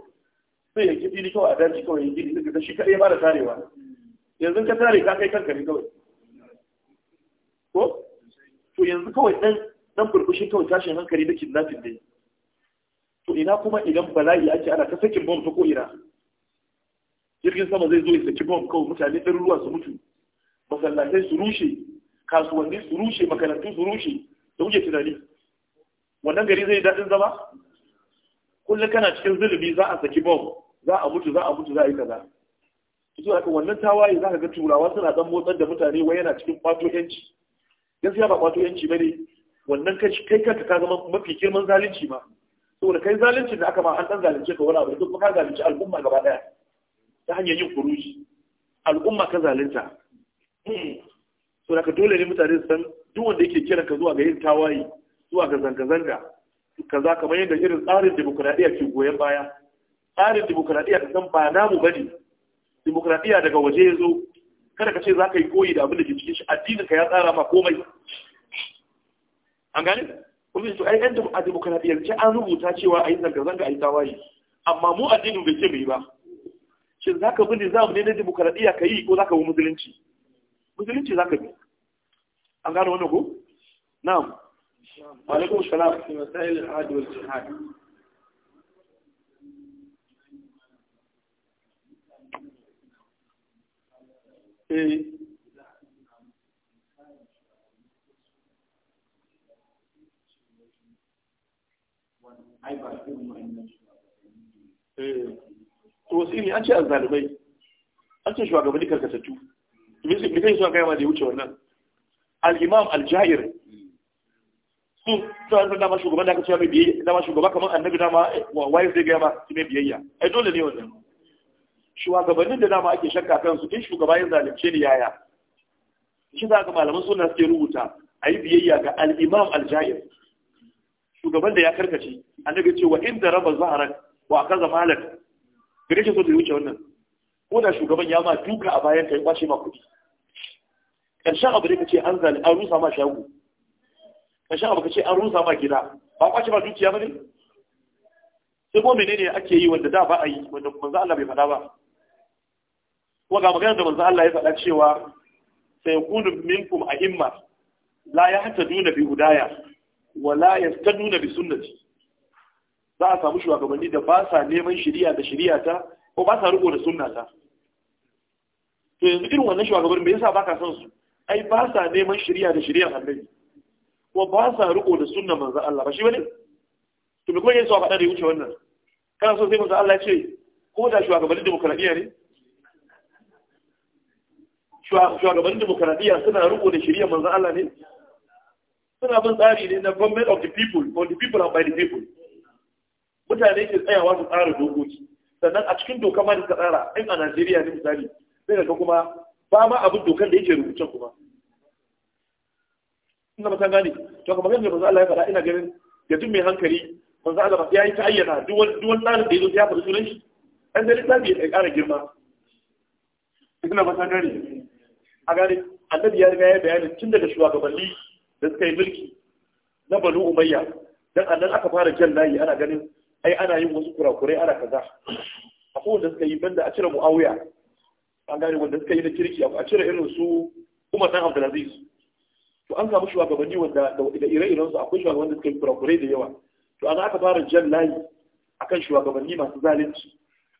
sai ya ki fili kawai a daji kawai ya gini duka shi kaɗai ba da tarewa yanzu ka tare ka kai kanka ne kawai ko to yanzu kawai dan dan burbushin kawai tashin hankali da kidnapping dai to ina kuma idan bala'i ake ana ta sakin bomb ta ko ina jirgin sama zai zo ya saki bomb kawai mutane ɗaruruwa su mutu masallatai su rushe kasuwanni su rushe makarantu su rushe da kuke tunani wannan gari zai daɗin zama kullum kana cikin zulubi za a saki bomb za a mutu za a mutu za a yi kaza su haka wannan tawaye za ka ga turawa suna dan motsar da mutane wai yana cikin kwato yanci gaskiya ba kwato yanci bane wannan kai kai kanka ka zama mafi girman zalunci ma saboda kai zalunci da aka ma an dan zalunce ka wani abu duk kuma ka zalunci al'umma gaba daya ta hanyar yin kuruji al'umma ka zalunta so da ka dole ne mutane su san duk wanda yake kiran ka zuwa ga yin tawaye zuwa ga zanga-zanga kaza kamar yadda irin tsarin demokuraɗiyya ke goyon baya tsarin demokradiyya da zan ba namu bane demokradiyya daga waje ya zo kada ka ce za ka yi koyi da abin da ke cikin shi addinin ka ya tsara ma komai an gani kuma su ai yan a demokradiyya ce an rubuta cewa a yi zanga-zanga a yi tawaye amma mu addinin bai ce mai ba shin za ka za mu ne na demokradiyya ka yi ko za ka bi musulunci musulunci za ka bi an gane wannan ko na'am wa alaikum salam eh Wasu eh. sai an ce a azzalumai an ce shugabanni karkatattu me yi suna gaya ma da ya wuce wannan al-imam al-jair su ta da dama shugaban da aka ce mai biyayya dama shugaba kamar annabi dama waye zai gaya ma mai biyayya ai dole ne wannan shugabannin da dama ake shakka kansu tun shugaba ya zalunce ni yaya shi za ga malaman suna suke rubuta a yi biyayya ga al'imam aljayir. shugaban da ya karkace a ce wa inda raba zaharar wa zama halar gare shi so da wuce wannan ko da shugaban ya ma duka a bayan kai kwashe ma kudi ƙarshen abu da ce an zalunce an rusa ma shagu ƙarshen abu ka ce an rusa ma gida ba kwashe ma dukiya ba ne sai ko menene ake yi wanda da ba a yi wanda manzo Allah bai faɗa ba kuma ga maganar da manzo Allah ya faɗa cewa sayakunu minkum ahimma la yahtaduna bi hudaya wa la yastaduna bi sunnati za a samu shugabanni da ba sa neman shiriya da shiriya ta ko ba sa riko da sunnata. to yanzu irin wannan shugabanni me yasa baka son su ai ba sa neman shiriya da shiriyar annabi ko ba sa riko da sunnan manzo Allah ba shi bane to me kuma yasa faɗa da wuce wannan kana so sai manzo Allah ya ce ko da shugabanni demokradiya ne shugabannin demokaradiyya suna rubo da shirya manzan Allah ne suna bin tsari ne na government of the people for the people and by the people mutane ke tsayawa su tsara dokoki sannan a cikin doka ma da ta tsara in a Najeriya ne misali sai ga kuma ba ma abin dokan da yake rubutun kuma ina ba ta gane to kamar yadda manzan Allah ya faɗa ina ganin ya tun mai hankali manzan Allah ya yi ta ayyana tsarin da ya zo ya faɗi sunan shi an da tsari ya ƙara girma ina ba ta gane a gane annabi ya riga ya bayanin tun daga shugabanni da suka yi mulki na banu umayya dan annan aka fara jan layi ana ganin ai ana yin wasu kurakurai ana kaza akwai wanda suka yi banda a cire muawiya a gane wanda suka yi na kirki a cire irin su umar dan abdulaziz to an samu shugabanni wanda da ire-iren su akwai shugabanni da suka yi kurakurai da yawa to an aka fara jan layi akan shugabanni masu zalunci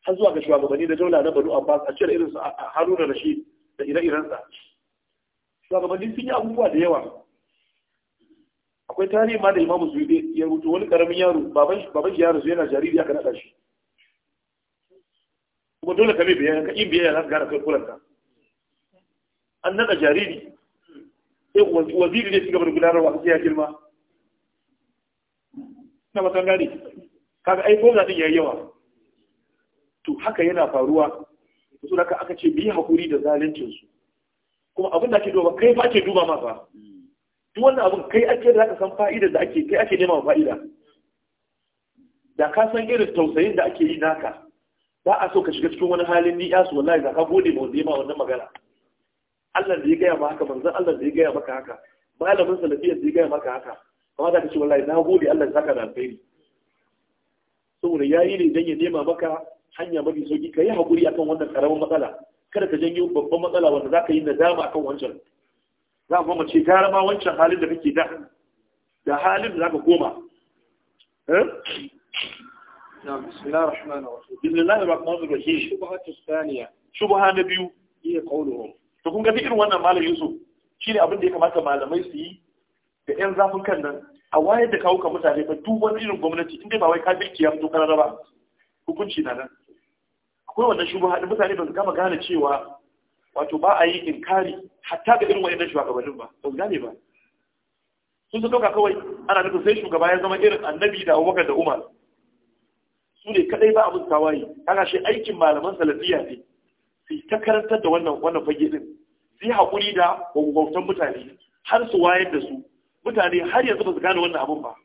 har zuwa ga shugabanni da daula na banu abbas a cire irin su haruna rashid da ire-irensa Shugabannin sun yi abubuwa da yawa akwai tarihi ma da imamu zuwa ya rutu wani karamin yaro baban shi yaro yana jariri aka naɗa shi kuma dole ka mai biyayya ka yin biyayya za ka gane kai kuranka an naɗa jariri sai waziri ne cigaba da gudanarwa a ya girma na matan gane kaga ai ko zaɗin ya yi yawa to haka yana faruwa su da aka ce bi hakuri da zaluncin su kuma abin da ake duba kai ba ke duba ma duk wannan abin kai ake da zaka san fa'idar da ake kai ake nema fa'ida da ka san irin tausayin da ake yi naka ba a so ka shiga cikin wani halin ni yasu wallahi da ka gode ma wanda ya ma wannan magana Allah da ya gaya maka manzon Allah da ya gaya maka haka malamin salafiyya da ya gaya maka haka Kamar za ka ce wallahi na gode Allah ya saka da alheri saboda yayi ne dan ya nema maka hanya mafi sauki ka yi haƙuri akan wannan ƙaramin matsala kada ka janyo babban matsala wanda za ka yi nadama akan wancan za ku mace gara ma wancan halin da kake da da halin da za ka koma eh? na biyu iya ƙaunuhu ta kun gafi irin wannan malam yusuf shi ne abin da ya kamata malamai su yi da yan zafin kan nan a wayar da kawo ka mutane ba duk wani irin gwamnati inda ba wai ka bikiya mutu ba hukunci na nan akwai wannan shubuha da mutane ba su gama gane cewa wato ba a yi inkari hatta ga irin wayannan shugabannin ba ba su gane ba sun su dauka kawai ana nufin sai shugaba ya zama irin annabi da abubakar da umar su ne kadai ba abin tawaye kaga shi aikin malaman salafiya ne su ta karantar da wannan wannan fage din su yi haƙuri da gwagwautan mutane har su wayar da su mutane har yanzu ba su gane wannan abun ba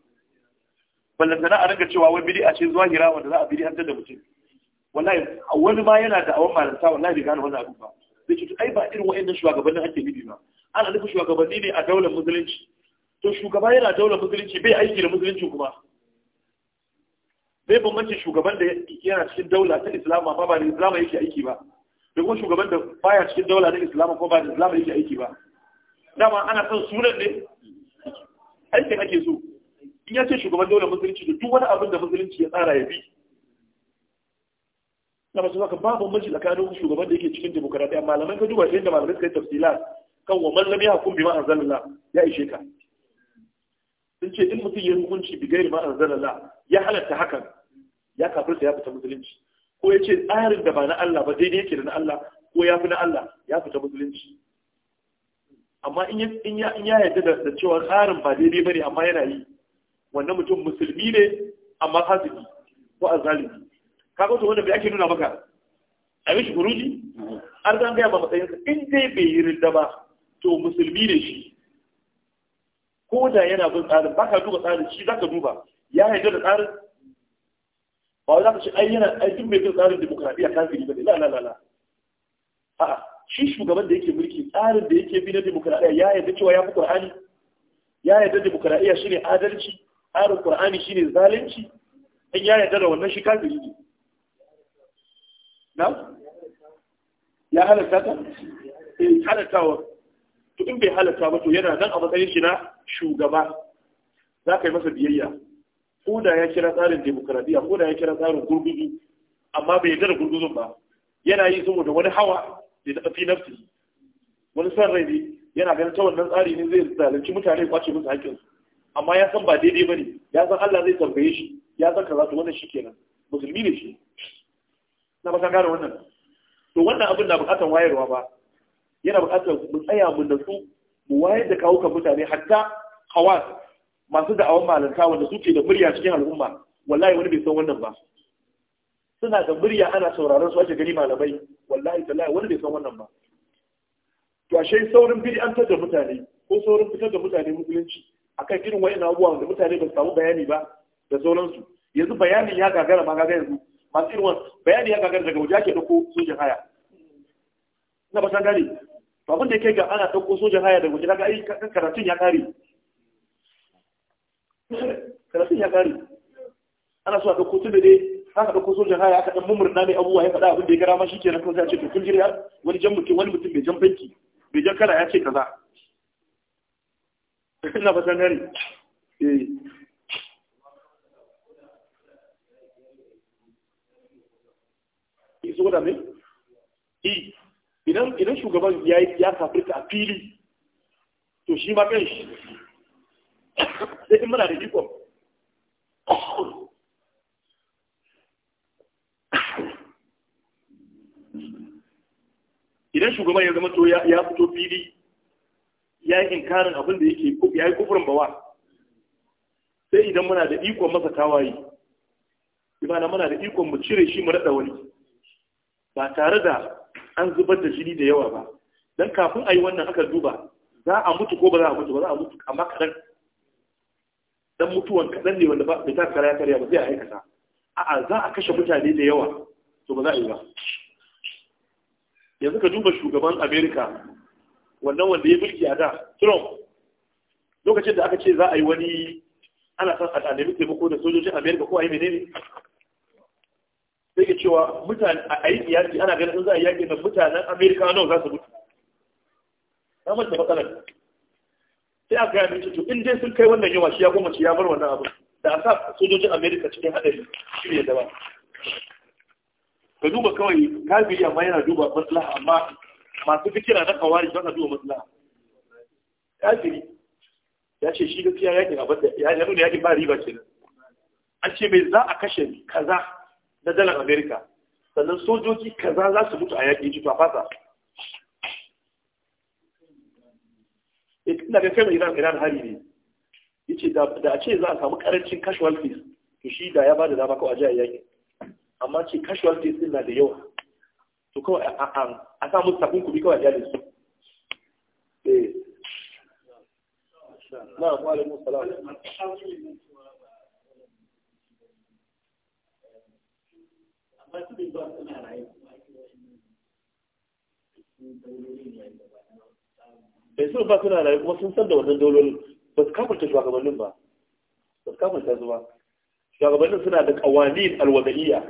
ballantana a rinka cewa wai a ce zuwa hira wanda za a an da mutum wallahi wani ma yana da awon malanta wallahi bai gane wannan abin ba da ke ai ba irin wa'annan shugabannin ake nufi ba ana nufin shugabanni ne a daular musulunci to shugaba yana daular musulunci bai aiki da musulunci kuma bai bambancin shugaban da yana cikin daula ta islama ba ba da islama yake aiki ba da kuma shugaban da baya cikin daula ta islama ko ba da islama yake aiki ba dama ana son sunan ne aikin ake so in ya ce shugaban daular musulunci da duk wani abin da musulunci ya tsara ya bi na masu zaka babu mace tsakanin shugaban da yake cikin demokaradiyya malamai ka duba yadda malamai suka yi tafsila kan wa mallami lam yahkum ma'an anzalalla ya ishe ka sun ce in mutum ya hukunci bi gairi ma'an anzalalla ya halatta hakan ya kafirta ya fita musulunci ko ya ce tsarin da ba na Allah ba daidai yake da na Allah ko ya fi na Allah ya fita musulunci amma in ya yarda da cewa tsarin ba daidai bane amma yana yi wannan mutum musulmi ne amma hazibi ko azalimi kaga wanda bai ake nuna maka a shi kuruji an zan gaya ba matsayinsa in dai bai yi ridda ba to musulmi ne shi ko da yana bin tsarin baka duba tsarin shi zaka duba ya yarda da tsarin ba wai zaka ce ai yana aikin mai bin tsarin demokradiya kafiri ba la la la la a'a shi shugaban da yake mulki tsarin da yake bi na demokradiya ya yarda cewa ya fi qur'ani ya yarda demokradiya shine adalci tsarin qur'ani shine zalunci in ya yarda da wannan shi kafiri ne na ya halatta ta eh, halattawa in bai halatta ba to yana nan a matsayin shi na shugaba za ka yi masa biyayya ko da ya kira tsarin demokradiyya ko ya kira tsarin gurgudu amma bai yarda da gurgudun ba yana yi saboda wani hawa da ya fi nafsi wani son rai ne yana ganin ta wannan tsari ne zai zalunci mutane kwace musu haƙƙinsu. amma ya san ba daidai ba ne ya san Allah zai tambaye shi ya san za su wannan shi kenan musulmi ne shi na ba ka gane wannan to wannan abin na bukatar wayarwa ba yana bukatar mu tsaya mu nasu mu wayar da kawo kan mutane hatta hawas masu da'awan malanta wanda suke da murya cikin al'umma wallahi wani bai san wannan ba suna da murya ana sauraron su ake gani malamai wallahi tallahi wani bai san wannan ba to ashe saurin an da mutane ko saurin fitar da mutane musulunci akan irin wayannan abubuwa da mutane ba su samu bayani ba da sauransu yanzu bayanin ya gagara ma gaga yanzu masu irin bayani ya gagara daga waje ake ɗauko sojan haya na ba san gari to abin da yake ga ana ɗauko sojan haya daga waje daga ai karatun ya kare karatun ya kare ana so a ɗauko tun da dai haka ɗauko sojan haya aka ɗan mummurna mai abubuwa ya faɗa abin da ya gara ma shi kenan kawai sai a ce to kun jira wani jan mutum wani mutum bai jan banki bai jan kala ya ce kaza ina ba san gari eh saboda mai i e, idan idan shugaban ya ya kafirta a fili to shi ma kan shi sai in muna da ikon idan shugaban ya zama to ya fito fili ya yi inkarin abin da yake ya yi kufurin bawa sai idan muna da ikon masa kawai imana muna da ikon mu cire shi mu rada wani ba tare da an zubar da jini da yawa ba don kafin a yi wannan aka duba za a mutu ko ba za a mutu ba za a mutu amma kaɗan dan mutuwan kaɗan ne wanda bai ta karya karya ba zai a aikata a'a za a kashe mutane da yawa to ba za a yi ba yanzu ka duba shugaban america wannan wanda ya mulki a da trump lokacin da aka ce za a yi wani ana son a nemi taimako da sojojin amerika ko a yi menene sai ke cewa mutane a yi yaƙi ana ganin in za a yi yaƙi da mutanen amerika nawa za su mutu Ta manta matsalar sai aka yi amince in dai sun kai wannan yawa shi ya goma ya bar wannan abu da a sa sojojin amerika cikin haɗari shi ne da ba ka duba kawai kafin yamma yana duba maslaha amma masu fikira na kawari ba ka duba maslaha kafin ya ce shi gaskiya yakin abin da ya nuna yakin ba riba kenan an ce mai za a kashe kaza na dalar amerika sannan sojoji kaza za su mutu a yaƙi ji to a fasa eh, ina ga kai mai iran iran hari ne ce da a ce za a samu karancin fees to shi da ya bada dama kawai a yaƙi amma ce fees din na da yawa to kawai a samu sabon kuɗi kawai a su eh. na wa alaikum salam wasu da zuwa suna sun ba suna rayu kuma sun san da wannan daulolin ba su kafarta shugabannin ba ba su kafarta su ba shugabannin suna da kawanin alwada'iyya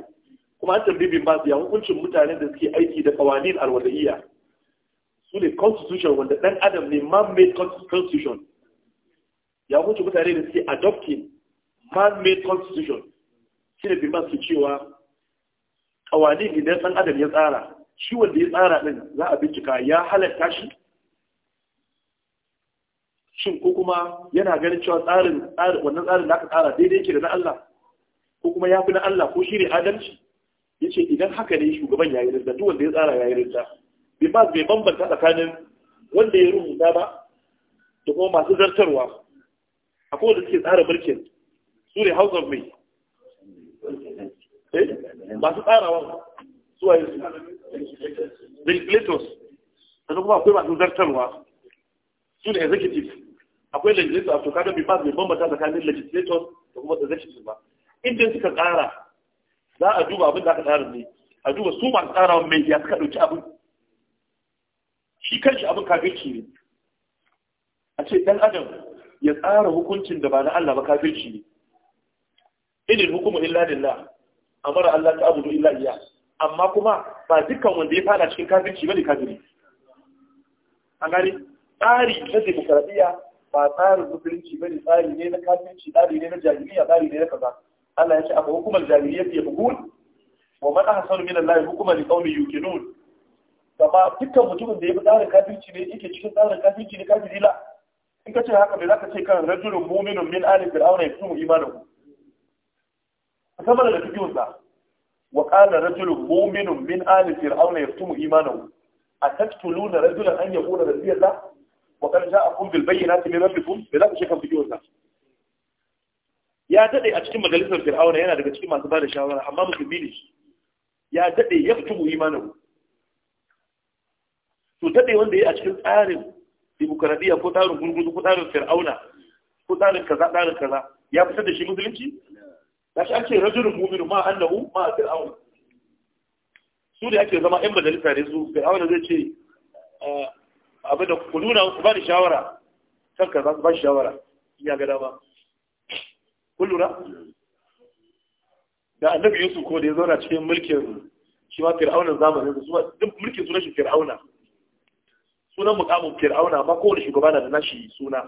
kuma an tambayi bin basu ya hukuncin mutanen da suke aiki da kawanin alwada'iyya su ne constitution wanda dan adam ne man-made constitution ya hukuncin mutane da suke adopting man-made constitution shi ne bin basu cewa kawani idan ɗan adam ya tsara shi wanda ya tsara din, za a bincika ya halatta shi shin ko kuma yana ganin cewa tsarin wannan tsarin da aka tsara daidai yake da na Allah ko kuma ya fi na Allah ko shi ne adalci ya ce idan haka ne shugaban ya yi rinta duk wanda ya tsara ya yi rinta bai ba bai bambanta tsakanin wanda ya rubuta ba da kuma masu zartarwa akwai wanda suke tsara birkin, su ne house of me eh masu tsarawa suwa yi legislators da kuma akwai masu zartarwa su ne executive akwai legislator a tokadar bi ba mai bambata tsakanin legislators da kuma executive ba inda suka tsara za a duba abin da aka tsara ne a duba su masu tsara tsarawa mai ya suka ɗauki abin shi kanshi abin kafirci ne a ce ɗan adam ya tsara hukuncin da ba na Allah ba kafirci ne idin hukumu illa lillah amara Allah ta abudu illa iya amma kuma ba dukkan wanda ya fada cikin kafirci bane kafiri an gani tsari na demokradiyya ba tsarin musulunci bane tsari ne na kafirci tsari ne na jahiliya tsari ne na kaza Allah ya ce afa hukumar jahiliya fi bugun wa man ahsanu min Allah hukuman liqaumi yuqinun kama dukkan mutumin da ya fi tsarin kafirci ne yake cikin tsarin kafirci ne kafiri la in ka ce haka me za ka ce kan rajulun mu'minun min ali fir'auna yasumu ku. ka da daga cikin sa wa qala rajulun mu'minun min ali fir'auna yaftumu imanahu ataktuluna rajulan an yaqula rabbiyallah wa qad ja'akum bil bayyinati min rabbikum da zaka shekar cikin sa ya dade a cikin majalisar fir'auna yana daga cikin masu bada shawara amma musulmi ne ya dade yaftumu imanahu to dade wanda ya a cikin tsarin demokradiya ko tsarin gurgudu ko tsarin fir'auna ko tsarin kaza tsarin kaza ya fitar da shi musulunci shi ake rajulun mu'minu ma annahu ma fir'aun su da ake zama yan majalisa ne su fir'aun zai ce ah, abin da ku nuna ku ba da shawara kan ka za ba shi shawara ya ga dama kun lura da annabi yusuf ko da ya zauna cikin mulkin shi ma fir'aunan zamanin su duk mulkin sunan shi fir'auna sunan mukamin fir'auna ba kowane shugaba na da nashi suna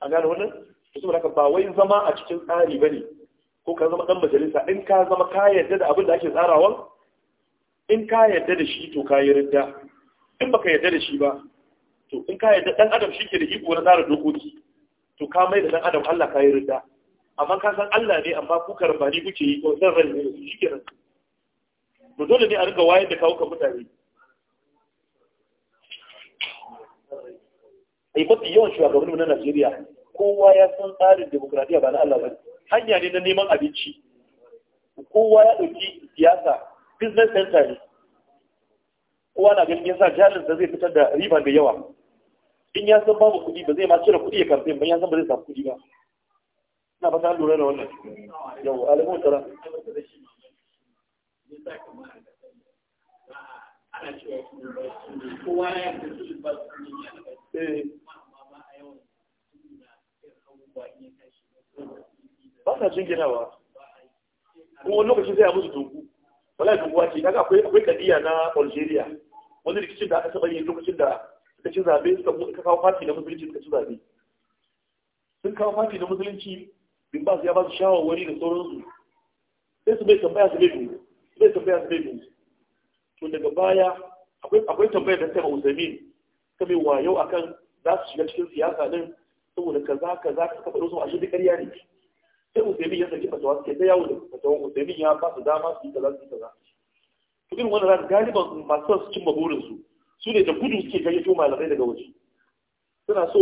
a gane wannan su ba wai zama a cikin tsari ba ne ko ka zama dan majalisa in ka zama ka yarda da abin da ake tsarawa in ka yarda da shi to ka yi ridda in baka yarda da shi ba to in ka yarda dan adam shi ke da iko na tsara dokoki to ka mai da dan adam Allah ka yi ridda amma ka san Allah ne amma ku karbani kuke yi ko san rai ne shi nan to dole ne a riga wayar da kawo ka mutane ai mafi yawan shugabanni na Najeriya kowa ya san tsarin demokradiyya ba na Allah ba ne hanya ne na neman abinci kowa ya ɗauki siyasa business center ne kowa na ganin yasa jarin da zai fitar da riba da yawa in ya san babu kuɗi ba zai ma cire kuɗi ya kamfe ba ya san ba zai samu kuɗi ba ina fata lura da wannan yau alamun tara Eh. ba sa jinginawa kuma wani lokaci sai a musu dungu wala dunguwa ce kaga akwai akwai kadiya na Algeria wani rikicin da aka saba yin lokacin da suka ci zabe suka kawo fati na musulunci suka ci zabe sun kawo fati na musulunci bin ba su ya ba su shawarwari da sauransu sai su bai tambaya su bai dungu su bai tambaya su bai dungu to daga baya akwai tambaya da ta ma usamin ta mai wayo akan za su shiga cikin siyasa din saboda kaza kaza ka faɗo su a shi duk ƙarya ne sai usaimin ya saki fatawa suke ta yawo da fatawan usaimin ya ba su dama su yi kaza su yi kaza to irin wannan zaka galiban masu son su cimma burinsu su ne da gudu suke gayyato malamai daga waje suna so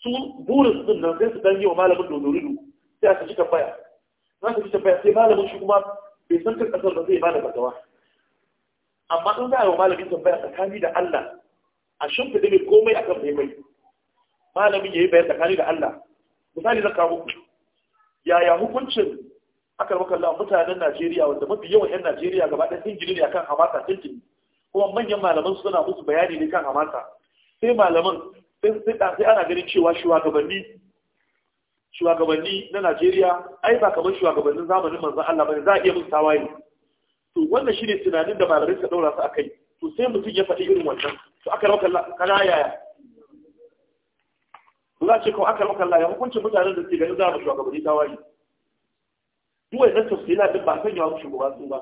su burin din nan sai su dan yi wa malamin dodorido sai a saki tambaya na saki tambaya sai malamin shi kuma bai san kan kasar ba zai ba da fatawa amma in za a yi wa malamin tambaya tsakani da Allah a shimfiɗe mai komai akan mai mai malamin ya yi bayan tsakani da Allah misali zan kawo yaya hukuncin aka maka Allah mutanen Najeriya wanda mafi yawan 'yan Najeriya gaba ɗaya sun ne akan hamasa tintin kuma manyan malaman suna musu bayani ne kan hamasa sai malaman sai ana ganin cewa shugabanni shugabanni na Najeriya ai ba kamar shugabannin zamanin manzon Allah bane za a iya musu tawaye to wannan shine tunanin da malamin suka daura su akai to sai mutum ya faɗi irin wannan to aka Allah kana yaya to za ce kawai aka maka Allah ya hukuncin mutanen da ke ganin za mu shugabanni tawaye duk wannan tafsira duk ba sanya yawa shugaba su ba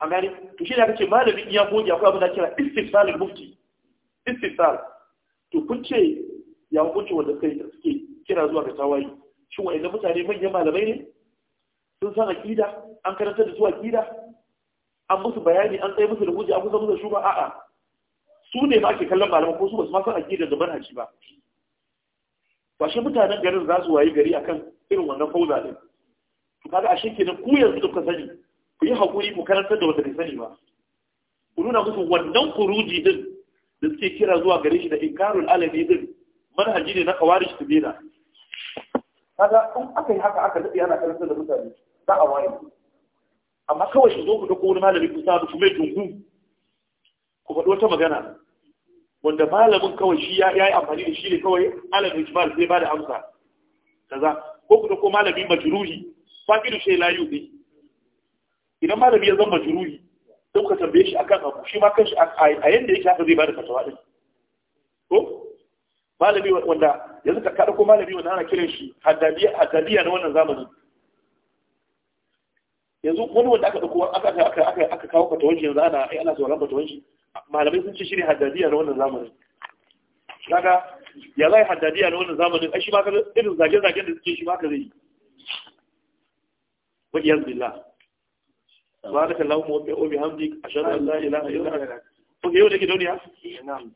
A gani to shi da aka ce malamin iya goge akwai abin da kira istifsalul mufti istifsal to kun ce ya hukunci wanda da suke kira zuwa ga shi shin inda mutane manyan malamai ne sun san aqida an karanta da su aqida an musu bayani an tsaye musu da hujja an kusa musu shuba a'a su ne ma ake kallon malamai ko su ba su ma san aqida da manhaji ba ba shi mutanen garin za su wayi gari akan irin wannan fauza din kaga ashe kenan ku yanzu duka sani ku yi hakuri ku karantar da wata sani ba ku nuna musu wannan kuruji din da suke kira zuwa gare shi da inkarul alami din manhaji ne na kawarish tubina kaga in aka yi haka aka daɗe ana karantar da mutane za a waye amma kawai shi zo ku dauko wani malami ku sa ku mai dungu ku faɗi wata magana wanda malamin kawai shi ya yi amfani da shi ne kawai alamun ijmal sai ba da amsa kaza ko kuma ko malami majruhi faqidu shay la ne. idan malami ya zama majruhi sai ka tambaye shi akan abu shi ma kanshi a yanda yake haka zai ba da fatawa din ko malami wanda yanzu ka kada ko malami wanda ana kiran shi haddadiya haddadiya na wannan zamanin yanzu wani wanda aka dauko aka aka aka kawo fatawar yanzu ana ai ana sauraron fatawar malamai sun ce shi haddadiya na wannan zamanin kaga ya zai haddadiya na wannan zamanin ai shi ma kaga irin zage-zagen da suke shi ma ka zai yi wa iyaz billah subhanak allahumma wa bihamdika bihamdik ashhadu an la ilaha illa anta ko yau da gidauniya na'am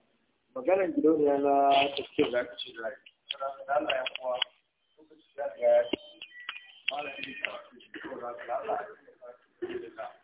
maganar gidauniya na tafsir da ake ce da rai Allah ya kuwa lokaci da ya malami da karatu da Allah